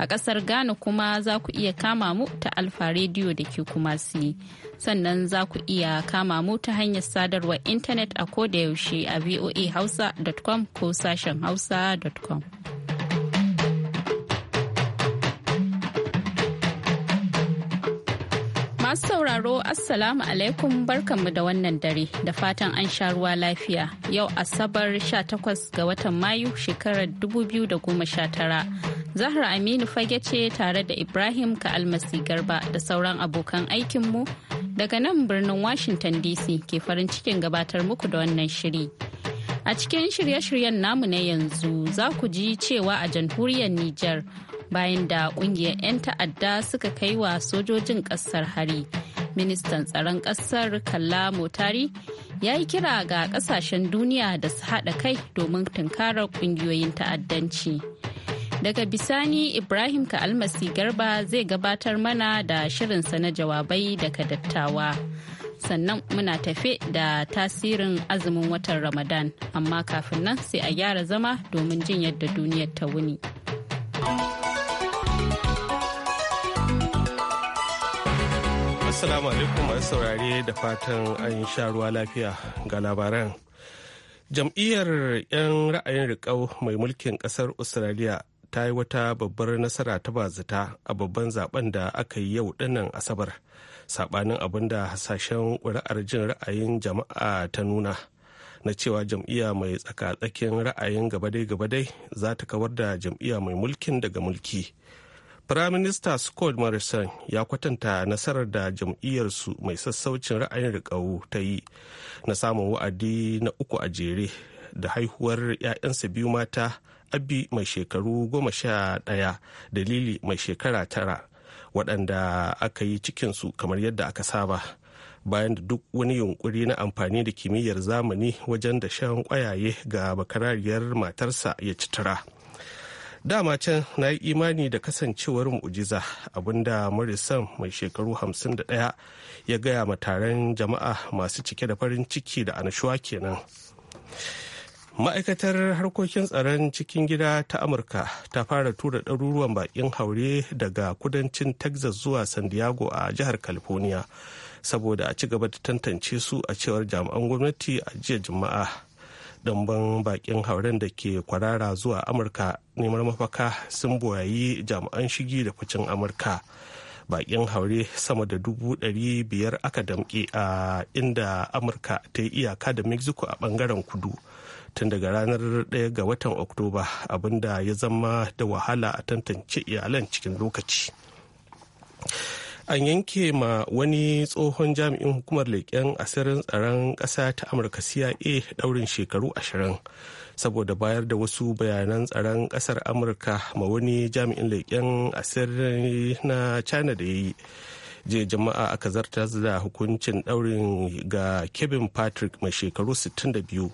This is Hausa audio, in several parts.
A ƙasar Ghana kuma za ku iya kama mu ta Alfa Radio da ke kuma si. Sannan za ku iya kama mu ta hanyar sadarwar intanet a ko da yaushe a voahausa.com ko sashen hausa.com. masu sauraro assalamu alaikum barkanmu da wannan dare da fatan an sha ruwa lafiya yau asabar 18 ga watan mayu shekarar 2019 Zahra Aminu fage ce tare da Ibrahim ka almasi Garba da sauran abokan aikinmu daga nan birnin Washington DC ke farin cikin gabatar muku da wannan shiri. A cikin shirye-shiryen namu na yanzu za ku ji cewa a jamhuriyar Nijar bayan da kungiyar 'yan ta'adda suka kai wa sojojin kasar hari. Ministan tsaron kasar Kalla Motari ya yi kira ga kasashen duniya da su haɗa kai domin tunkarar ƙungiyoyin ta'addanci. Daga bisani Ibrahim kalmasi Garba zai gabatar mana da shirinsa na jawabai daga dattawa. Sannan muna tafe da tasirin azumin watan Ramadan, amma kafin nan sai a gyara zama domin jin yadda duniyar ta wuni. Assalamu alaikum masu saurare da fatan an sha ruwa lafiya ga labaran. Jam'iyyar 'yan ra'ayin rikau mai mulkin ƙasar Australia ta yi wata babbar nasara ta bazata a babban zaben da aka yi yau dinnan asabar sabanin abin da hasashen ƙuri'ar jin ra'ayin jama'a ta nuna na cewa jam'iyya mai tsaka-tsakin ra'ayin gabadai-gabadai za ta kawar da jam'iyya mai mulkin daga mulki firaminista scott morrison ya kwatanta nasarar da jam'iyyarsu mai sassaucin ra'ayin riƙau ta yi na samun wa'adi na uku a jere da haihuwar 'ya'yansa biyu mata abi mai shekaru goma sha ɗaya dalili mai shekara tara waɗanda aka yi cikinsu kamar yadda aka saba bayan da duk wani yunkuri na amfani da kimiyyar zamani wajen da shan kwayaye ga bakarariyar matarsa ya ci tara dama can na yi imani da kasancewar mu'ujiza abinda morrison mai shekaru 51 ya gaya ma taron jama'a masu cike da farin ciki da anashuwa kenan ma'aikatar harkokin tsaron cikin gida ta amurka ta fara tura ɗaruruwan baƙin haure daga kudancin texas zuwa san diego a jihar california saboda a ci gaba da tantance su a cewar jami'an gwamnati a jiya juma'a ɗanban baƙin hauren da ke kwarara zuwa amurka neman mafaka sun boyayi jami'an shigi da ficin amurka baƙin haure sama da dubu ɗari biyar aka damƙe a inda amurka ta yi iyaka da mexico a ɓangaren kudu tun daga ranar 1 ga watan oktoba abinda ya zama da wahala a tantance iyalan cikin lokaci an yanke ma wani tsohon jami'in hukumar leƙen asirin tsaron ƙasa ta amurka cia ɗaurin shekaru ashirin saboda bayar da wasu bayanan tsaron ƙasar amurka ma wani jami'in leƙen asirin na china da ya yi je jama'a aka zarta da hukuncin ɗaurin ga kevin patrick mai shekaru 62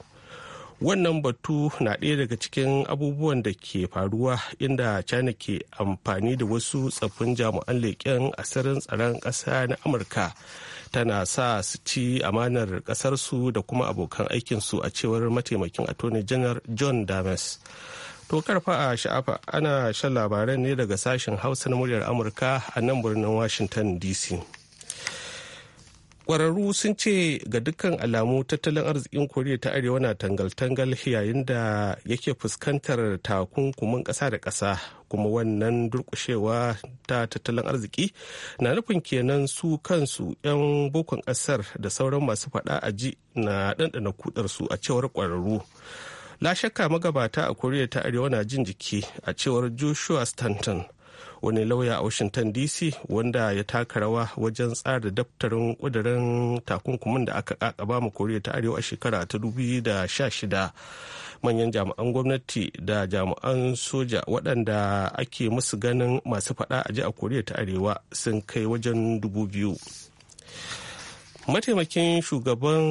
wannan batu na ɗaya daga cikin abubuwan da ke faruwa inda china ke amfani da wasu tsaffin jami'an leƙen asirin tsaron ƙasa na amurka tana sa su ci amanar ƙasarsu da kuma abokan aikinsu a cewar mataimakin attorney general john dames to karfa a sha'afa ana shan labaran ne daga sashen hausa na muryar amurka a nan birnin washington dc kwararru sun ce ga dukkan alamu tattalin arzikin koriya ta arewa na tangal-tangal yayin da yake fuskantar takunkuman kasa da kasa kuma wannan durkushewa ta tattalin arziki na nufin kenan su kansu 'yan bokon ƙasar da sauran masu faɗa a ji na ɗanɗana kudarsu a cewar kwararru la shakka magabata a koriya ta arewa na jin jiki a cewar joshua stanton wani lauya a washington dc wanda ya taka rawa wajen tsara daftarin kudirin takunkumin da aka kakaba ma koriya ta arewa a shekara ta shida manyan jami'an gwamnati da jami'an soja waɗanda ake musu ganin masu faɗa a ji a koriya ta arewa sun kai wajen dubu biyu mataimakin shugaban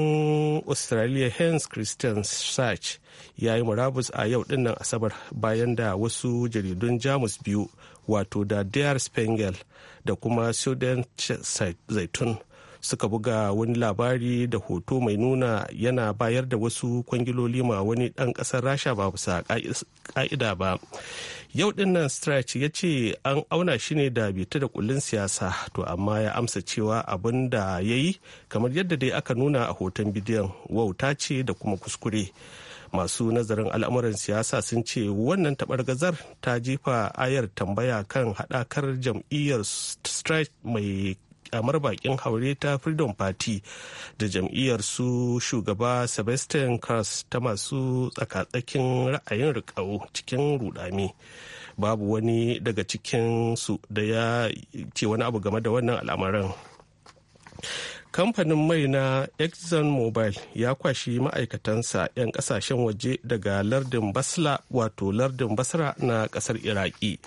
australia hans christian sach ya yi murabus a yau dinnan asabar bayan da wasu jaridun jamus biyu wato da der spengel da kuma sudan zaitun suka buga wani labari da hoto mai nuna yana bayar da wasu kwangiloli ma wani dan kasar rasha ba bisa ƙa'ida ba yau din nan strach ya ce an auna shi ne da bita da kullun siyasa to amma ya amsa cewa abin da ya yi kamar yadda dai aka nuna a hoton bidiyon wauta ce da kuma kuskure masu nazarin al'amuran siyasa sun ce wannan taɓargazar ta jefa ayar tambaya kan haɗakar jam'iyyar strike mai kyamar bakin haure ta freedom party da jam'iyyar su shugaba sebastian kars ta masu tsakatsakin ra'ayin riƙau cikin rudami babu wani daga cikin su da ya ce wani abu game da wannan al'amarin kamfanin mai na exxon mobil ya kwashi ma'aikatansa 'yan kasashen waje daga lardin basla wato lardin basra na kasar iraki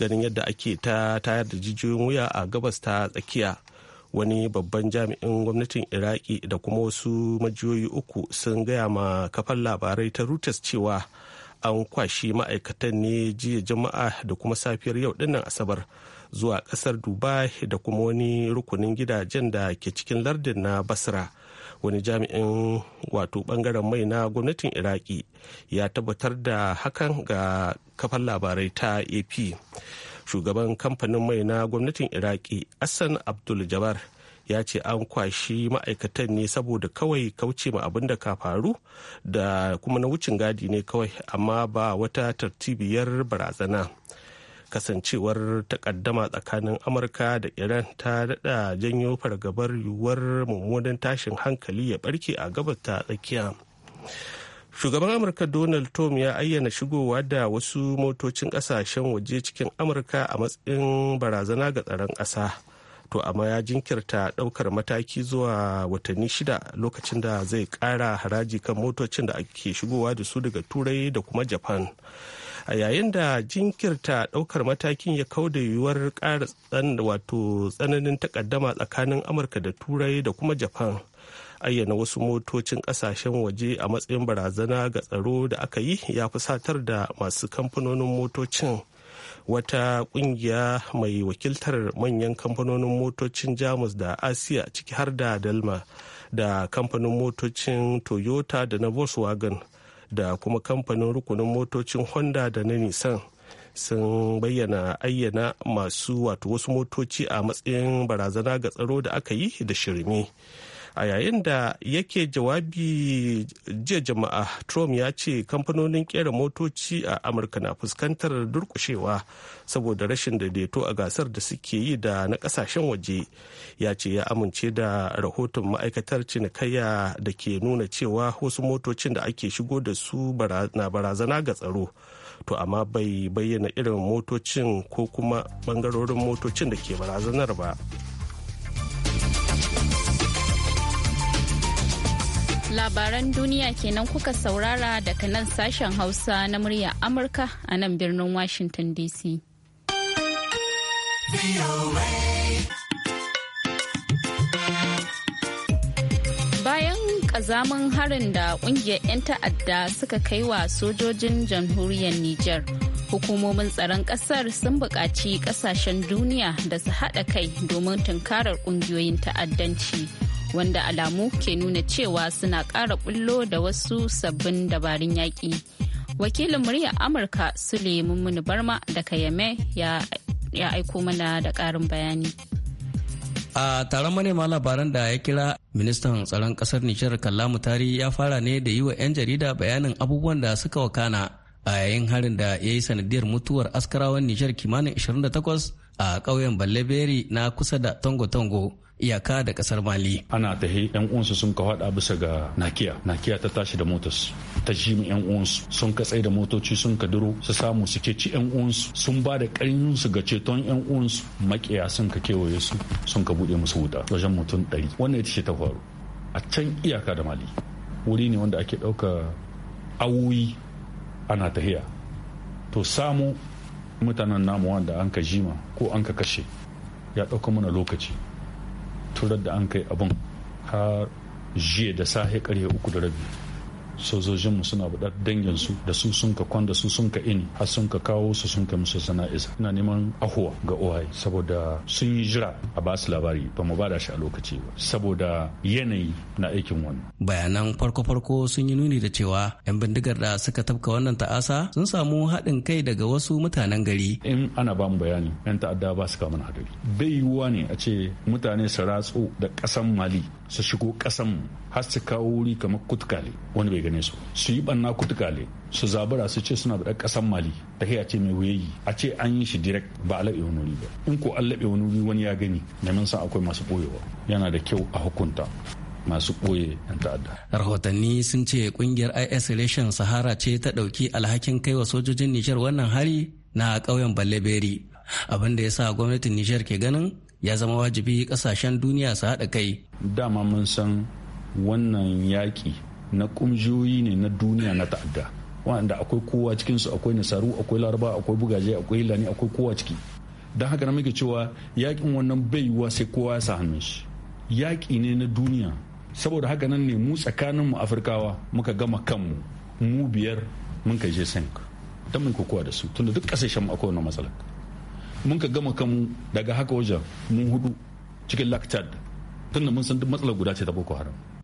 ganin yadda ake ta tayar da jijiyoyin wuya a gabas ta tsakiya wani babban jami'in gwamnatin iraki da kuma wasu majiyoyi uku sun gaya ma kafan labarai ta reuters cewa an kwashi ma'aikatan ne jiya jama'a da kuma safiyar yau dinnan asabar zuwa kasar dubai da kuma wani rukunin gidajen da ke cikin lardin na basra wani jami'in wato bangaren mai na gwamnatin iraki ya tabbatar da hakan ga kafan labarai ta ap shugaban kamfanin mai na gwamnatin iraki assan abdul jabbar ya ce an kwashi ma'aikatan ne saboda kawai kauce ma abin da ka faru da kuma na wucin gadi ne kawai amma ba wata tartibiyar barazana kasancewar takaddama tsakanin amurka da iran ta dada janyo fargabar yiwuwar mummunan tashin hankali ya barke a ta tsakiya shugaban amurka donald trump ya ayyana shigowa da wasu motocin kasashen waje cikin amurka a matsayin barazana ga tsaron ƙasa to amma ya jinkirta ɗaukar mataki zuwa watanni shida lokacin da zai ƙara haraji kan motocin da ake shigowa da su daga turai da kuma japan a yayin da jinkirta ɗaukar matakin ya kau da yiwuwar ƙara wato tsananin takaddama tsakanin amurka da turai da kuma japan ayyana wasu motocin ƙasashen waje a matsayin barazana ga tsaro da aka yi ya fusatar da masu kamfanonin motocin wata kungiya mai wakiltar manyan kamfanonin motocin jamus da asiya ciki har da dalma da kamfanin motocin toyota da na volkswagen da kuma kamfanin rukunin motocin honda da na nisan sun bayyana ayyana masu wato wasu motoci a matsayin barazana ga tsaro da aka yi da shirme. a yayin da yake jawabi jiya jama'a trump ya ce kamfanonin kera motoci a amurka na fuskantar durkushewa saboda rashin daidaito a gasar da suke yi da na kasashen waje ya ce ya amince da rahoton ma'aikatar cinikayya da ke nuna cewa wasu motocin da ake shigo da su na barazana ga tsaro to amma bai bayyana irin motocin ko kuma bangarorin motocin da ke barazanar ba. Labaran duniya kenan kuka saurara daga nan sashen Hausa na murya Amurka a nan birnin Washington DC. Bayan kazamin harin da kungiyar 'yan ta'adda suka kai wa sojojin jamhuriyar Nijar. Hukumomin tsaron ƙasar sun buƙaci ƙasashen duniya da su haɗa kai domin tunkarar ƙungiyoyin ta'addanci. wanda alamu ke nuna cewa suna ƙara bullo da wasu sabbin dabarun yaƙi. Wakilin muryar Amurka Sule Mummuni Barma daga Yame ya aiko mana da karin bayani. a taron manema labaran da ya kira ministan tsaron kasar nijar kallamu tari ya fara ne da yi wa 'yan jarida bayanin abubuwan da suka wakana a yayin harin da ya yi sanadiyar mutuwar askarawan nijar kimanin 28 a ƙauyen balleberi na kusa da tongo-tongo iyaka da kasar mali ana tahi yan uwansu sun ka hada bisa ga nakiya nakiya ta tashi da motos ta ji mu yan uwansu sun ka tsaye da motoci sun ka duro su samu su ke ci yan uwansu sun ba da karfin su ga ceton yan uwansu makiya sun ka kewaye su sun ka bude musu wuta wajen mutum ɗari wannan ita ce ta faru a can iyaka da mali wuri ne wanda ake ɗauka awoyi ana tahiya to samu mutanen namu wanda an ka jima ko an ka kashe ya ɗauka mana lokaci turar da an kai abun har jiya da sahe karye uku da rabi mu suna buɗar su da su sun ka kwan da su sun ka ini har sun ka kawo su sun ka musu sana'isa ina neman ahuwa ga ohai saboda sun yi jira a basu labari ba mu bada shi a lokaci ba saboda yanayi na aikin wani. bayanan farko-farko sun yi nuni da cewa 'yan bindigar da suka tafka wannan ta'asa sun samu haɗin kai daga wasu mutanen gari in ana ba mu bayani 'yan ta'adda ba su kama hadari bai yiwuwa ne a ce mutane su ratsu da ƙasan mali su shigo ƙasan har su kawo wuri kamar kutkale wani bai gane su su yi banna kutukale su zabura su ce suna da kasan mali ta ce mai wuyayi a ce an yi shi direct ba a laɓe wani ba in ko an laɓe wani wani ya gani neman san akwai masu ɓoyewa yana da kyau a hukunta masu ɓoye 'yan ta'adda. Rahotanni sun ce kungiyar IS Relation Sahara ce ta ɗauki alhakin kai wa sojojin Nijar wannan hari na ƙauyen Balleberi. Abin da ya sa gwamnatin Nijar ke ganin ya zama wajibi ƙasashen duniya su haɗa kai. Dama mun san wannan yaƙi na kumjiyoyi ne na duniya na ta'adda wanda akwai kowa cikinsu akwai nasaru akwai laraba akwai bugaje akwai lani akwai kowa ciki don haka na muke cewa yakin wannan yiwuwa sai kowa ya sa hannun shi yaƙi ne na duniya saboda haka nan ne mu tsakanin mu afirkawa muka gama kanmu mu biyar mun ka je sink don mun kokowa da su tunda duk kasashen mu akwai wannan matsala mun ka gama kanmu daga haka wajen mun hudu cikin lactad tunda mun san duk matsalar guda ce ta boko haram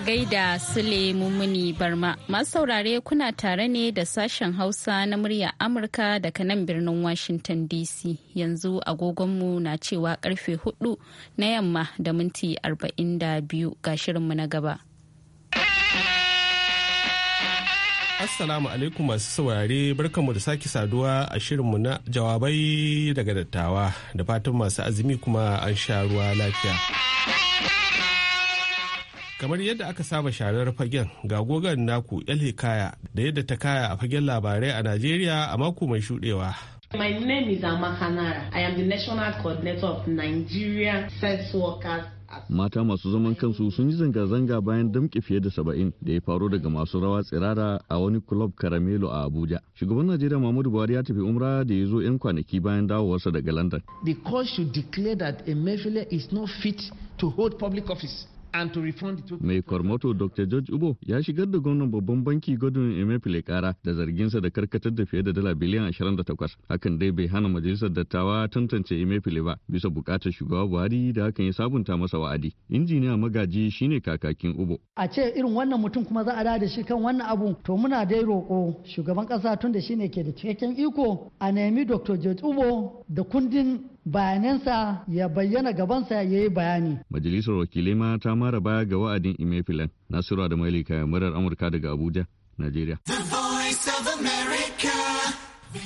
gaida Sule Mumuni Barma. Masu saurare kuna tare ne da sashen Hausa na murya Amurka daga nan birnin Washington DC. Yanzu agogonmu na cewa karfe hudu na yamma da minti arba'in da biyu ga shirinmu na gaba. Assalamu alaikum masu saurare barkanmu da sake saduwa a shirinmu na jawabai daga dattawa da fatan masu azumi kuma an sha ruwa lafiya. kamar yadda aka saba sharar fagen ga gogon naku kaya da yadda ta kaya a fagen labarai a najeriya a mako mai shudewa My name is amma I am the national coordinator of Nigeria sex workers mata masu zaman kansu sun yi zanga-zanga bayan damƙe fiye da saba'in da ya faru daga masu rawa tsirara a wani kulob karamelo a abuja shugaban najeriya muhammadu buhari ya tafi umra da ya zo 'yan kwanaki bayan dawowarsa daga london the court should declare that emefiele is not fit to hold public office Mai kormato Dr. George Ubo ya shigar da gwamnan babban banki Godwin emefile kara da zarginsa da karkatar da fiye da dala biliyan 28. Hakan dai bai hana majalisar dattawa tantance emefile ba bisa bukatar shugaba Buhari da hakan ya sabunta masa wa'adi. Injiniya magaji shine kakakin Ubo. A ce irin wannan mutum kuma za a da shi kan wannan abu to muna dai roƙo shugaban ƙasa tun da shine ke da cikakken iko a nemi Dr. George Ubo da kundin bayanansa ya bayyana gabansa ya yi bayani. Majalisar wakilai ma ta mara baya ga wa'adin Imefilan Nasiru da Mailika murar Amurka daga Abuja, Najeriya.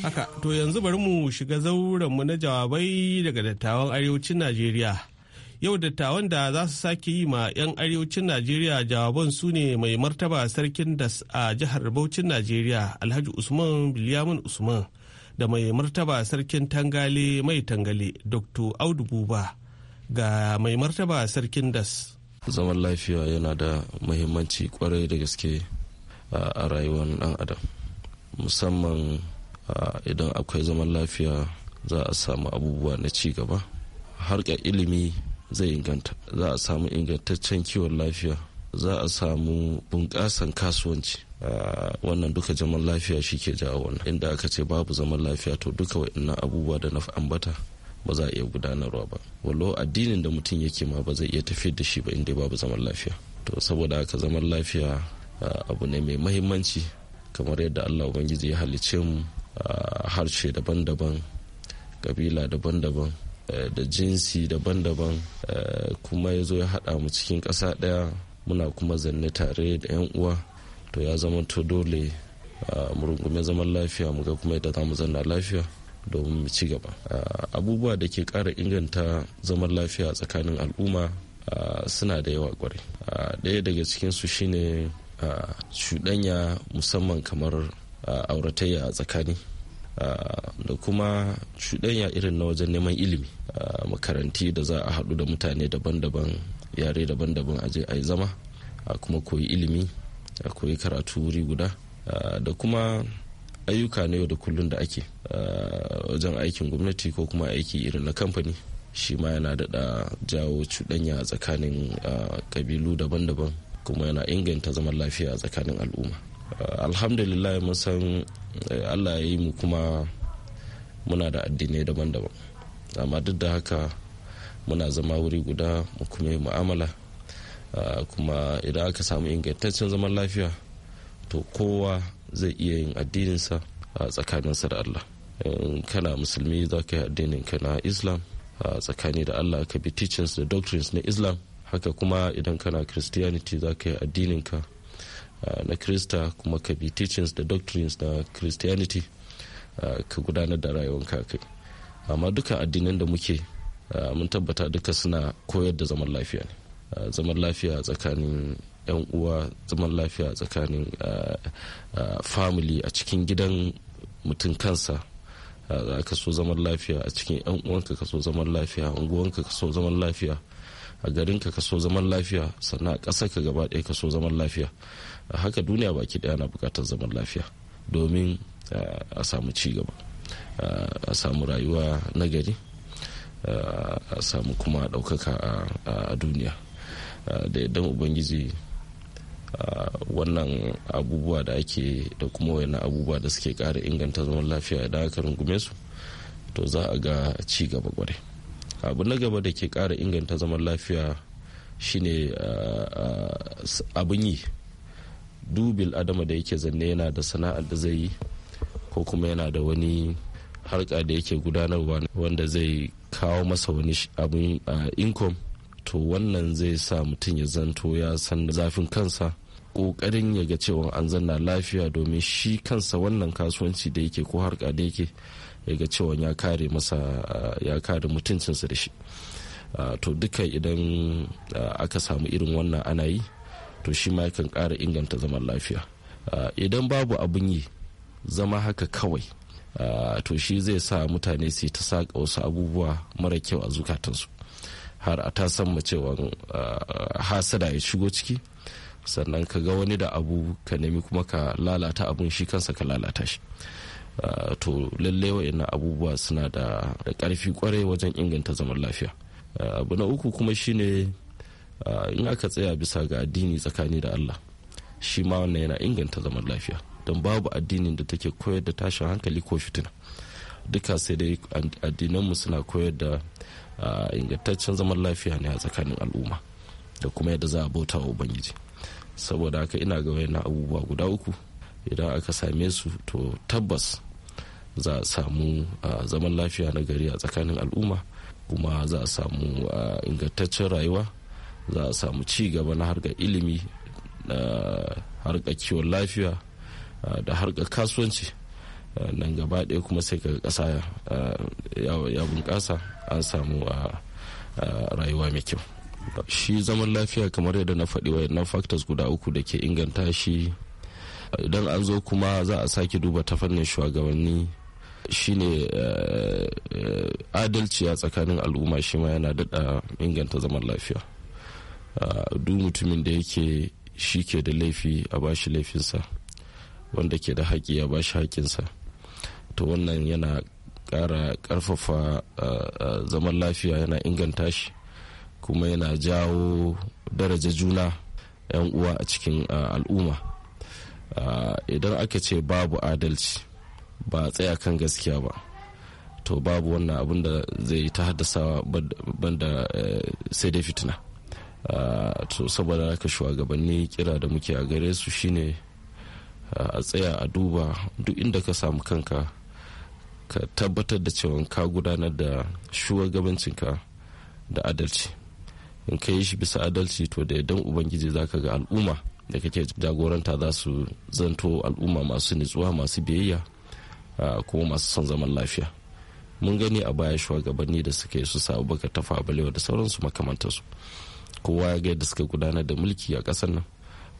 Haka to yanzu bari mu shiga zaurenmu na jawabai daga dattawan arewacin Najeriya. Yau dattawan da za su sake yi ma 'yan arewacin Najeriya jawaban su ne mai martaba sarkin das a jihar Bauchin Najeriya Alhaji Usman Bilyamin Usman. da mai martaba sarkin tangale mai tangale dr audu buba ga mai martaba sarkin das zaman lafiya yana da muhimmanci kwarai da gaske a rayuwar dan adam musamman idan akwai zaman lafiya za a samu abubuwa na ci gaba harkar ilimi zai inganta za a samu ingantaccen kiwon lafiya za a samu bunƙasan kasuwanci Eh, wannan duka zaman lafiya shi ke jawo wannan inda aka ce babu zaman lafiya to duka wa'annan abubuwa da na ambata ba za a iya gudanarwa ba wallo addinin da mutum yake ma ba zai iya tafiyar da shi ba inda babu zaman lafiya to saboda haka zaman lafiya eh, abu ne mai mahimmanci kamar yadda allah ubangiji ya halicce mu eh, harshe daban-daban kabila daban-daban da jinsi daban-daban kuma ya zo ya haɗa mu cikin ƙasa ɗaya muna kuma zanne tare da 'yan uwa to ya zama to dole mu murungume zaman lafiya mu ga kuma yadda za mu zanna lafiya domin mu ci gaba abubuwa da ke kara inganta zaman lafiya tsakanin al'umma suna da yawa kwarai daya daga cikinsu shine cuɗanya musamman kamar auratayya a tsakani da kuma cuɗanya irin na wajen neman ilimi makaranti da za a haɗu da mutane daban-daban yare daban-daban aje a yi zama a kuma koyi ilimi akwai karatu wuri guda da kuma ayyuka na yau da kullun da ake wajen aikin gwamnati ko kuma aiki irin na kamfani shi ma yana daɗa jawo cuɗanya tsakanin kabilu daban-daban kuma yana inganta zaman lafiya a tsakanin al'umma alhamdulillah mun san eh, allah ya yi mu kuma muna da addinai daban-daban amma duk da haka muna zama wuri guda mu kuma yi mu'amala Ah, kuma idan aka samu ingantaccen zaman lafiya to kowa zai iya yin addininsa a ah, tsakaninsa da allah kana musulmi za ka yi addinin ka na islam a ah, tsakani da allah ka bi teachings da doctrines na islam haka kuma idan kana christianity za ka yi addinin ka na krista kuma ka bi teachings da doctrines na christianity ka gudanar da rayuwanka kai amma duka addinan da muke mun tabbata duka suna koyar da zaman lafiya ne Eh, zaman lafiya tsakanin yan uwa zaman lafiya tsakanin eh, eh, family a cikin gidan mutum kansa ka so zaman lafiya a cikin yan uwanka ka so zaman lafiya unguwanka ka so zaman lafiya a garinka ka so zaman lafiya sannan a ƙasar ka gaba ɗaya ka so zaman lafiya a haka duniya baki ɗaya na buƙatar zaman lafiya domin a samu ci gaba a samu rayuwa na gari a samu kuma ɗaukaka a duniya Ah, da yadda ubangiji ah, wannan abubuwa da ake da kuma wani abubuwa da suke kara inganta zaman lafiya da aka rungume su to za a ga ci gaba kwarai abu na gaba da ke kara inganta zaman lafiya shine ah, abin yi dubil adama da yake zanne yana da sana'ar da zai yi ko kuma yana da wani harka da yake gudanarwa wanda zai kawo masa wani abin income to wannan zai sa mutum ya zanto ya san zafin kansa kokarin ya ga cewa an zanna lafiya domin shi kansa wannan kasuwanci da yake ko harka da yake ya ga cewa ya kare masa ya kare mutuncinsa da shi to duka idan aka samu irin wannan ana yi to shi ma yakan kara inganta zaman lafiya idan babu abin yi zama haka kawai to shi zai sa mutane su ta saƙa wasu abubuwa mara kyau a zukatansu har a ta san cewa hasada ya shigo ciki sannan ka ga wani da abu ka nemi kuma ka lalata abun shi kansa ka lalata shi to lallai wa'annan abubuwa suna da ƙarfi kwarai wajen inganta zaman lafiya abu na uku kuma shine in aka tsaya bisa ga addini tsakani da allah shi ma wannan yana inganta zaman lafiya don babu addinin da take koyar da tashin hankali ko fitina duka sai dai addinanmu suna koyar da ingantaccen zaman lafiya ne a tsakanin al'umma da kuma yadda za a bauta wa ubangiji saboda haka ina ga wayan abubuwa guda uku idan aka same su to tabbas za a samu zaman lafiya na gari a tsakanin al'umma kuma za a samu ingantaccen rayuwa za a samu ci gaba na ka ilimi da harga kiwon lafiya da harga kasuwanci nan gaba ɗaya kuma sai ka ƙasa eh, ya bunƙasa an samu a rayuwa mai kyau shi zaman lafiya kamar yadda na faɗi nan factors guda uku da ke inganta shi idan an zo kuma za a sake duba ta fannin shugabanni shine eh, eh, adalci a tsakanin al'umma shi ma yana daɗa inganta zaman lafiya duk mutumin da yake shi ke da laifi a bashi laifinsa wanda ke da haƙi ya bashi haƙinsa to wannan yana kara karfafa zaman lafiya yana inganta shi kuma yana jawo daraja juna 'yan uwa a cikin al'umma idan aka ce babu adalci ba a tsaya kan gaskiya ba to babu wannan abin da zai ta haddasa banda e, sai dai fitina to saboda haka shugabanni kira da muke a gare su shine a tsaya a duba duk inda ka samu kanka ka tabbatar da cewa ka gudanar da shugabancinka da adalci in ka yi shi bisa adalci to da yadda ubangiji za ka ga al'umma da kake jagoranta za su zanto al'umma masu nutsuwa masu biyayya kuma masu son zaman lafiya mun gani a baya shugabanni da suka yi su sabu baka ta balewa da sauransu makamantarsu kowa ya ga da suka gudanar da mulki a ƙasar nan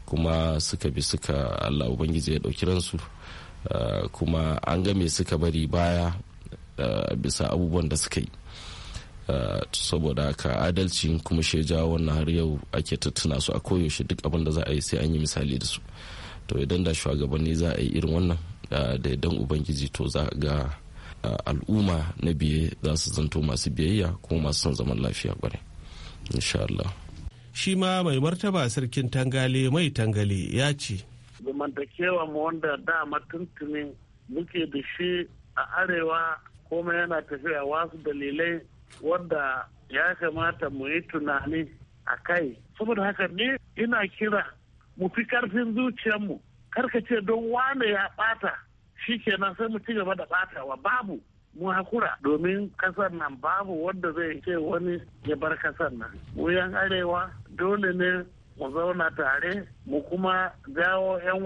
kuma suka bi suka allah ubangiji ya ɗauki ransu Eh, kuma an ga me suka bari baya eh, bisa abubuwan da suka yi eh, saboda haka adalci kuma shi jawo wannan har yau ake tattuna su a koyaushe duk abin da za a yi sai an yi misali da su to idan da shugabanni za a yi irin wannan da idan ubangiji to za ga al'umma na biye za su zanto masu biyayya kuma masu son zaman lafiya kwarai insha Allah shi ma mai martaba sarkin tangale mai tangale ya ce zamantakewa mu wanda dama tuntunin muke da shi a arewa kuma yana tafiya wasu dalilai wadda ya kamata mu yi tunani a kai saboda haka ne ina kira mu fi karfin zuciyarmu karka ce don wane ya bata shi kenan sai mu ci gaba da batawa babu mu hakura domin kasar nan babu wanda zai ce wani ya bar kasar nan mu arewa dole ne mu zauna tare mu kuma dawo 'yan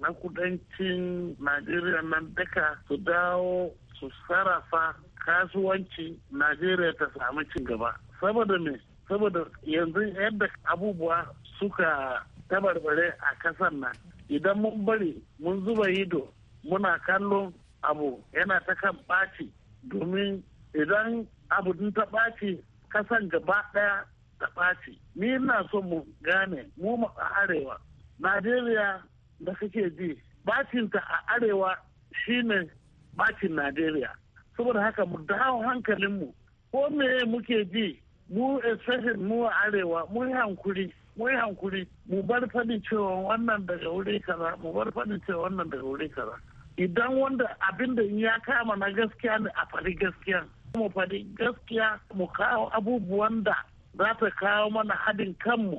na kudancin najeriya nan duka su dawo su sarrafa kasuwanci najeriya ta samu gaba saboda me saboda yanzu yadda abubuwa suka tabarbare a kasar nan idan mun bari mun zuba ido muna kallo abu yana ta kan ɓaci domin idan abu ta ɓaci kasan gaba ɗaya ta ɓaci ni na so mu gane mu a arewa najeriya da kake ji bacinta a arewa shine bacin najeriya saboda haka mu dawo mu ko me muke ji mu especially mu a arewa mu yi hankuri mu yi hankuri mu bar faɗi cewa wannan daga wuri kaza mu bar faɗi cewa wannan daga wuri kaza idan wanda abin da ya kama na gaskiya ne a faɗi gaskiya mu faɗi gaskiya mu kawo abubuwan da za ta kawo mana haɗin kanmu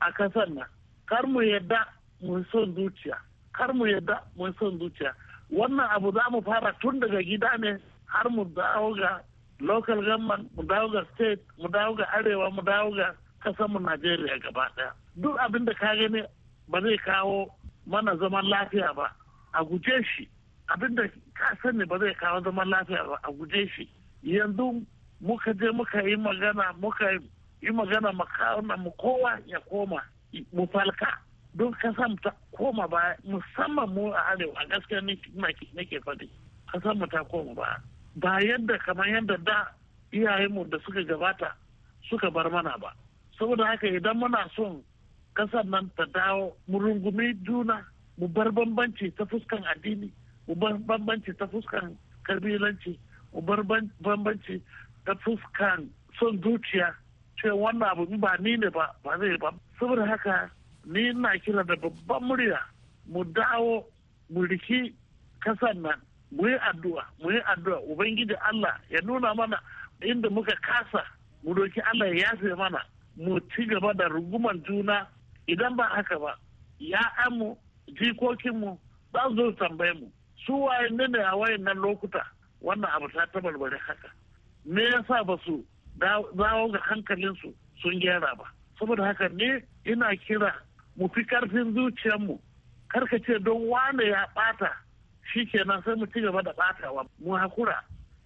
a ƙasar nan kar mu yadda mu son zuciya kar mu yadda mun son zuciya wannan abu za mu fara tun daga gida ne har mu dawo ga local government mu dawo ga state mu dawo ga arewa mu dawo ga kasar mu Najeriya gaba daya duk abin da ka gani ba zai kawo mana zaman lafiya ba a guje shi abin da ka sani ba zai kawo zaman lafiya ba a guje shi yanzu muka je muka yi magana muka yi magana mu kowa ya koma mu falka don kasan ta koma ba musamman mu a arewa gaskiya nake faɗi kasan mu ta koma ba ba yadda kamar yadda da iyayenmu da suka gabata suka bar mana ba saboda haka idan muna son kasan nan ta dawo mu rungumi juna mu bar bambanci ta fuskan addini mu bar bambanci ta fuskan kabilanci mu bar bambanci ta fuskan son zuciya ce wannan abu ba ni ne ba ba zai ba saboda haka ni na kira da babban murya mu dawo mu riki kasan nan mu yi addu'a mu yi addu'a ubangiji Allah ya nuna mana inda muka kasa mu doki Allah ya yafe mana mu ci gaba da ruguman juna idan ba haka ba ya amu jikokinmu za su zo tambaye mu su waye ne a wayan nan lokuta wannan abu ta tabarbare haka me yasa ba su dawo ga hankalinsu sun gyara ba saboda haka ne ina kira mu fi karfin zuciyarmu karkace don wane ya bata shi kenan sai mu ci gaba da batawa mu hakura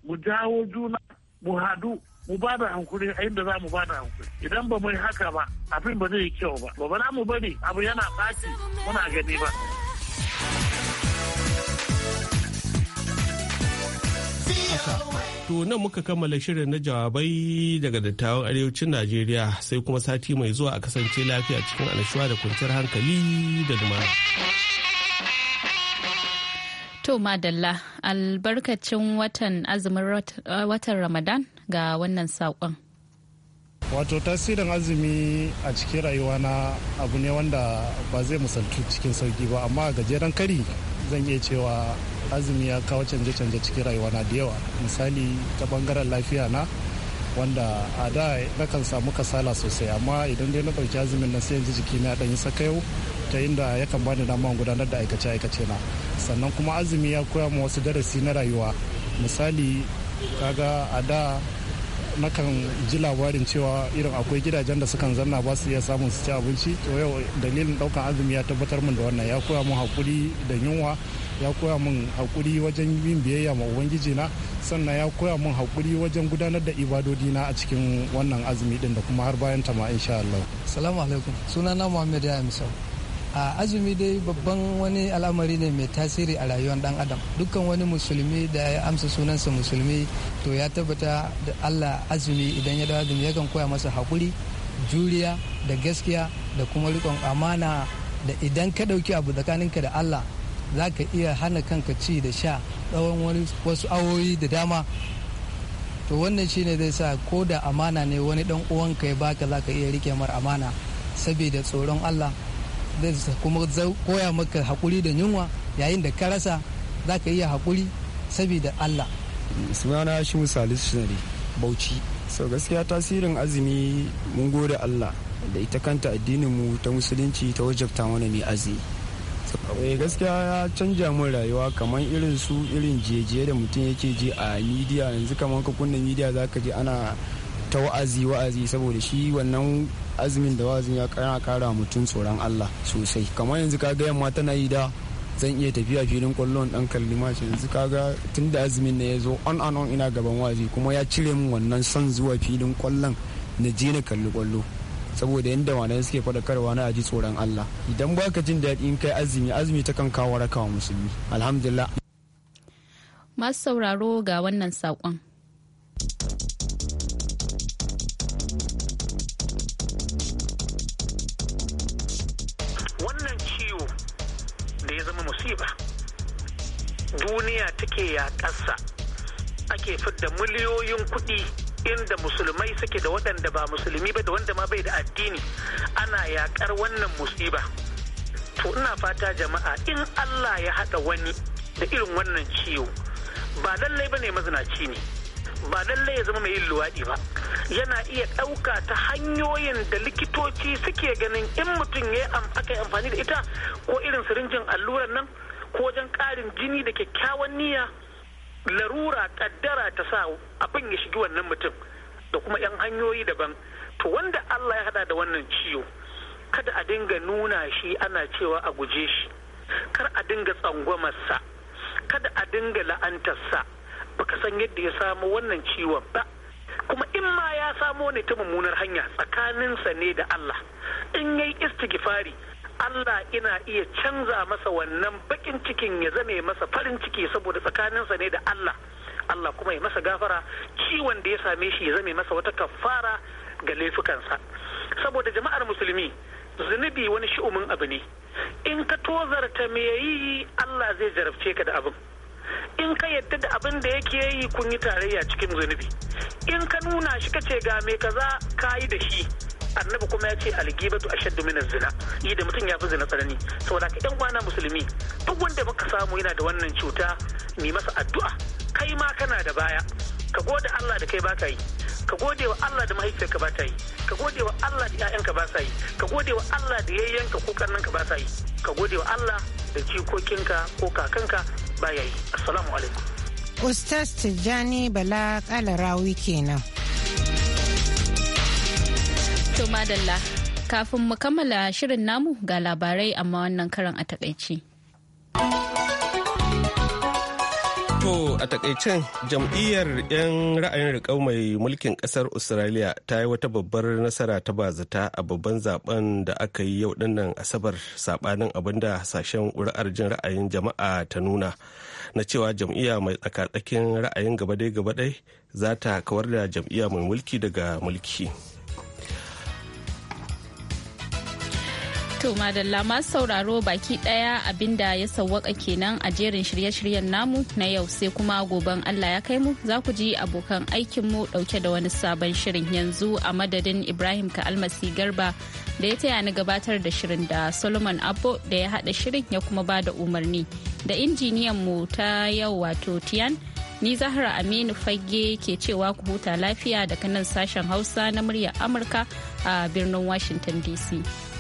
mu jawo juna mu hadu mu ba da hankuri a inda za mu ba da hankuri idan ba mu yi haka ba abin ba zai yi kyau ba ba za mu bari abu yana ɓaci muna gani ba. to nan muka kammala shirin na jawabai daga dattawan arewacin Najeriya sai kuma sati mai zuwa a kasance lafiya cikin annashuwa da kwanciyar hankali da lumana. To madalla albarkacin watan azumin eh, watan Ramadan ga wannan saƙon. wato tasirin azumi a cikin rayuwa na abu ne wanda ba zai musaltu cikin sauki ba amma gajeren kari zan iya cewa azumi ya kawo canje-canje cikin rayuwa na da yawa misali ta bangaren lafiya na wanda a da nakan samu kasala sosai amma idan dai na ɗauki azumin na sai yanzu jiki na ɗanyi yau ta inda yakan bani naman gudanar da aikace-aikace na sannan kuma azumi ya koya ma wasu darasi na rayuwa misali kaga a da nakan ji labarin cewa irin akwai gidajen da sukan zanna ba su iya samun su ci abinci to yau dalilin daukan azumi ya tabbatar min da wannan ya koya mun hakuri da yunwa ya koya mun hakuri wajen yin biyayya ma ubangiji na sannan ya koya mun hakuri wajen gudanar da ibadodi na a cikin wannan azumi din da kuma har bayan ta ma insha Allah assalamu alaikum sunana Muhammad ya misau a azumi dai babban wani al'amari ne mai tasiri a rayuwar dan adam dukkan wani musulmi da ya amsa sunansa musulmi to ya tabbata da allah azumi idan ya dawo azumi yakan koya masa haƙuri juriya da gaskiya da kuma riƙon amana da idan ka ɗauki abu tsakaninka da allah za ka iya hana kanka ci da sha tsawon wasu awoyi da dama to wannan shine zai sa ko da amana ne wani dan uwanka ya baka za ka iya rike mar amana saboda tsoron allah zai kuma koya maka hakuri da yunwa yayin da ka rasa za ka iya hakuri saboda Allah. sunana shi misali sinari bauchi sau gaskiya tasirin azumi mun gode Allah da ita kanta addininmu ta musulunci ta wajabta mana mai azumi eh, gaskiya ya canja mun rayuwa kamar irin su irin jeje da mutum yake ji a midiya yanzu kamar ka kunna midiya za ka ji ana ta wa'azi wa'azi saboda shi wannan azumin da wa'azin ya kara kara mutum tsoron Allah sosai kamar yanzu ka ga yamma tana yi da zan iya tafiya filin kwallon dan kalli mace yanzu ga tun da azumin ne ya zo on and on ina gaban wa'azi kuma ya cire min wannan son zuwa filin kwallon na je na kalli kwallo saboda yadda malamai suke faɗakarwa na aji tsoron Allah idan baka jin daɗi in kai azumi azumi ta kan kawo rakawa musulmi alhamdulillah masu sauraro ga wannan saƙon duniya take yaƙarsa ake fidda miliyoyin kuɗi inda musulmai suke da waɗanda ba musulmi ba da wanda ma bai da addini ana yaƙar wannan musiba to ina fata jama'a in allah ya haɗa wani da irin wannan ciwo ba lallai ba ne mazinaci ne ba lallai ya zama mai yin luwaɗi ba yana iya ɗauka ta hanyoyin da likitoci suke ganin in mutum ya aka yi amfani da ita ko irin sirinjin allurar nan ko wajen ƙarin jini da kyakkyawan niyya larura kaddara ta sa abin ya shigi wannan mutum da kuma 'yan hanyoyi daban to wanda Allah ya hada da wannan ciwo kada a dinga nuna shi ana cewa a guje shi kar a dinga tsangwamarsa kada a dinga la'antarsa baka san yadda ya samu wannan ciwon ba kuma in ma ya samo ne ta mummunar hanya tsakaninsa ne da Allah in yayi istighfari Allah ina iya canza masa wannan bakin cikin ya zame masa farin ciki saboda tsakaninsa ne da Allah Allah kuma ya masa gafara ciwon da ya same shi ya zame masa wata kafara ga laifukansa saboda jama'ar musulmi zunubi wani shi'umin abu ne in ka tozarta me yi Allah zai jarabce ka da abin in ka yadda da abin da yake yi kun yi tarayya cikin zunubi in ka nuna shi ka ce ga me kaza ka yi da shi annabi kuma ya ce algibatu ashaddu min zina yi da mutum ya fi zina tsanani saboda ka yan gwana musulmi duk wanda muka samu yana da wannan cuta mi masa addu'a kai ma kana da baya ka gode Allah da kai baka yi ka gode wa Allah da mahaifiyarka ba ta yi ka gode wa Allah da ƴaƴanka ba sa yi ka gode wa Allah da yayyanka ko karnanka ba sa yi ka gode wa Allah da jikokinka ko kakanka ba ya yi assalamu alaikum Ustaz Tijjani Bala Kalarawi kenan. To madalla, kafin mu kammala shirin namu ga labarai amma wannan karan a takaice To a takaicen jam'iyyar 'yan ra'ayin riƙau mai mulkin ƙasar Australia ta yi wata babbar nasara ta bazata a babban zaben da aka yi yau dinnan Asabar sabanin abinda hasashen ƙuri'ar jin ra'ayin jama'a ta nuna na cewa jam'iyya mai tsakatsakin ra'ayin gabadai-gabadai za ta kawar da jam'iyya mai mulki daga mulki. To madalla masu sauraro baki daya abinda ya sauwaka kenan a jerin shirye-shiryen namu na yau sai kuma goben Allah ya kai mu za ku ji abokan aikinmu dauke da wani sabon shirin yanzu a madadin Ibrahim ka almasi Garba da ya taya ni gabatar da shirin da Solomon Abbo da ya haɗa shirin ya kuma ba da umarni da injiniyan mu ta yau wato Tiyan ni Zahra Aminu Fage ke cewa ku huta lafiya daga nan sashen Hausa na muryar Amurka a birnin Washington DC.